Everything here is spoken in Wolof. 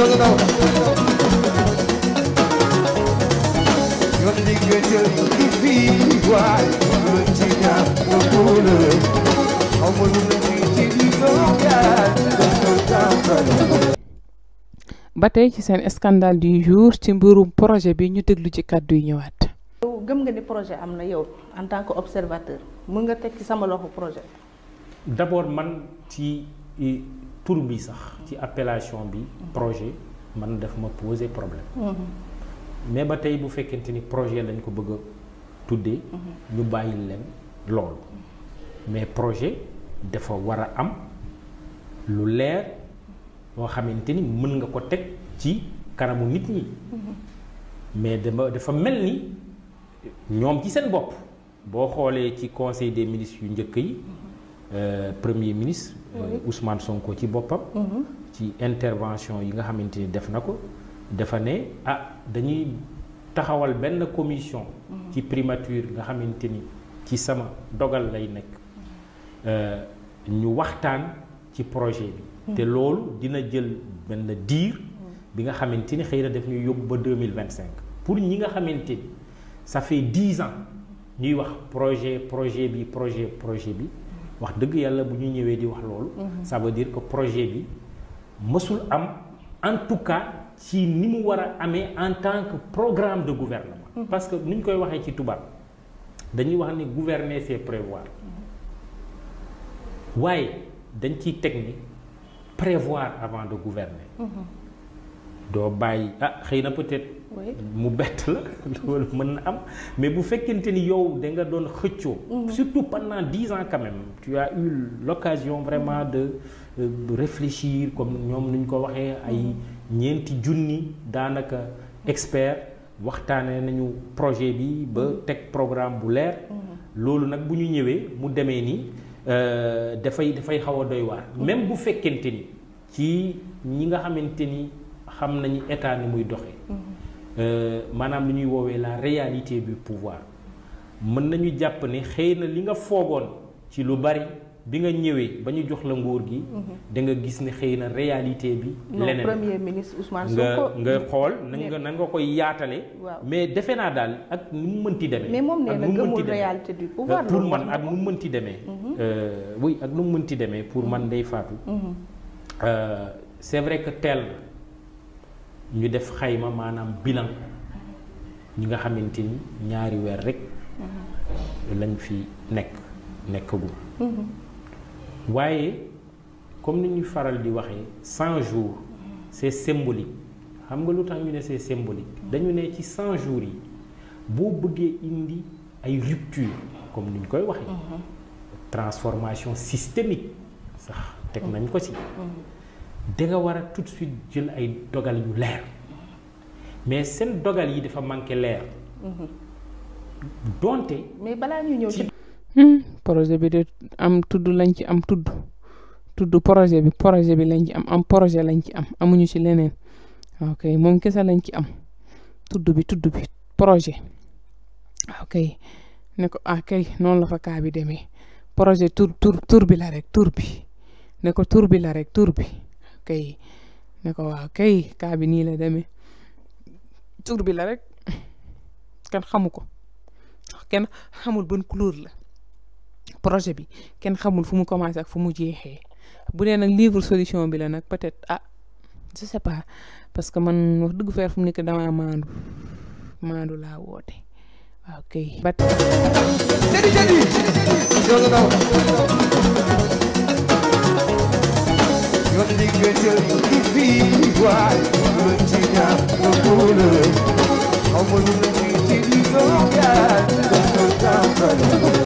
no, ba tey ci seen scandale du jour ci mbirum projet bi ñu déglu ci kàddu yi ñëwaat. gëm nga ni projet am na yow en tant que observateur mën nga teg ci sama loxo projet. d'abord man ci. Pour bi sax ci appellation bi projet man daf ma poser problème mhm. mais ba tay bu fekkenti ni projet lañ ko bëgg tuddé mhm. ñu mais projet dafa wara am lu leer bo mën nga ko tek ci nit mhm. mais dama dafa ci seen bop bo xolé ci conseil des ministres yu euh, premier ministre. Euh, Ousmane Sonko ci fait mhm. ci intervention yi nga def nako ah dañuy taxawal commission. Mhm. ci primature nga est sama dogal lay mhm. euh ñu projet bi. dina jël ben bi nga def ba 2025 pour ñi ça fait 10 ans ñuy wax projet projet bi projet projet bi wax deug yalla bu ñu ñëwé di wax lool mhm. ça veut dire que projet bi mësul am en tout cas ci ni mu wara amé en tant que programme de gouvernement. Mhm. parce que niñ koy waxé ci tuba dañuy wax ne gouverner c'est prévoir mhm. waaye dañ ci teg ni prévoir avant de gouverner do bay ah xeyna peut-être mu bett la loolu mën am mais bu fekkente ni yow de nga don xëccoo mhm. surtout pendant dix ans quand même tu as eu l'occasion vraiment mhm. de euh, réfléchir comme ñom nuñ ko waxé ay mhm. ñeenti junni danaka expert waxtaane nañu projet bi ba tek programme bu leer loolu nag bu ñu ñëwee mu demee nii euh, dafay dafay xaw a doy waar même bu fekkente ni ci ñi nga xamanteni ni xam nañu état ni muy doxee euh, maanaam lu ñuy wowe la réalité du pouvoir mën nañu japp ni xeyna li nga fogon ci lu bari bi nga ñëwé bañu jox la nguur gi mhm. da nga gis ni xeyna réalité bi leneen premier ministre Ousmane Sonko nga xol xool nga nan nga koy yaatale mais defe naa daal ak nu mu ti démé mais moom nee na gëmul réalité du pouvoir euh, pour man ak mu mën ti démé mhm. euh oui ak nu mu ti démé pour man mhm. day faatu euh, c'est vrai que tel nous def xayma un bilan ñi nga ñaari rek lañ fi nek mm-hmm. comme nous faral di waxé 100 jours c'est symbolique xam nga c'est symbolique dañu ci 100 jours yi indi ay rupture comme mm-hmm. transformation systémique sax teg ko mm-hmm. da nga war a tout de suite jël ay dogal yu leer mais seen dogal yi dafa manqué leer. Mhm. donte. mais balaa ñu ñëw ci. Hmm, projet bi de am tudd lañ ci am tudd tudd projet bi projet bi lañ ci am am projet lañ ci am amuñu ci leneen ok moom kese lañ ci am tudd bi tudd bi projet ok ne ko ah kay noonu la fa kaa bi demee projet tur tur tur bi la rek tur bi ne ko tur bi la rek tur bi. kay ne ko waaw kay kaa bi nii la demee tur bi la rek kenn xamu ko ndax kenn xamul ban couleur la projet bi kenn xamul fu mu commencé ak fu mu jeexee bu dee nag livre solution bi la nag peut-être ah je sais parce que man wax dëgg feer fu mu nekk damaa maandu maandu laa woote waaw kay. que eu vivo. iguais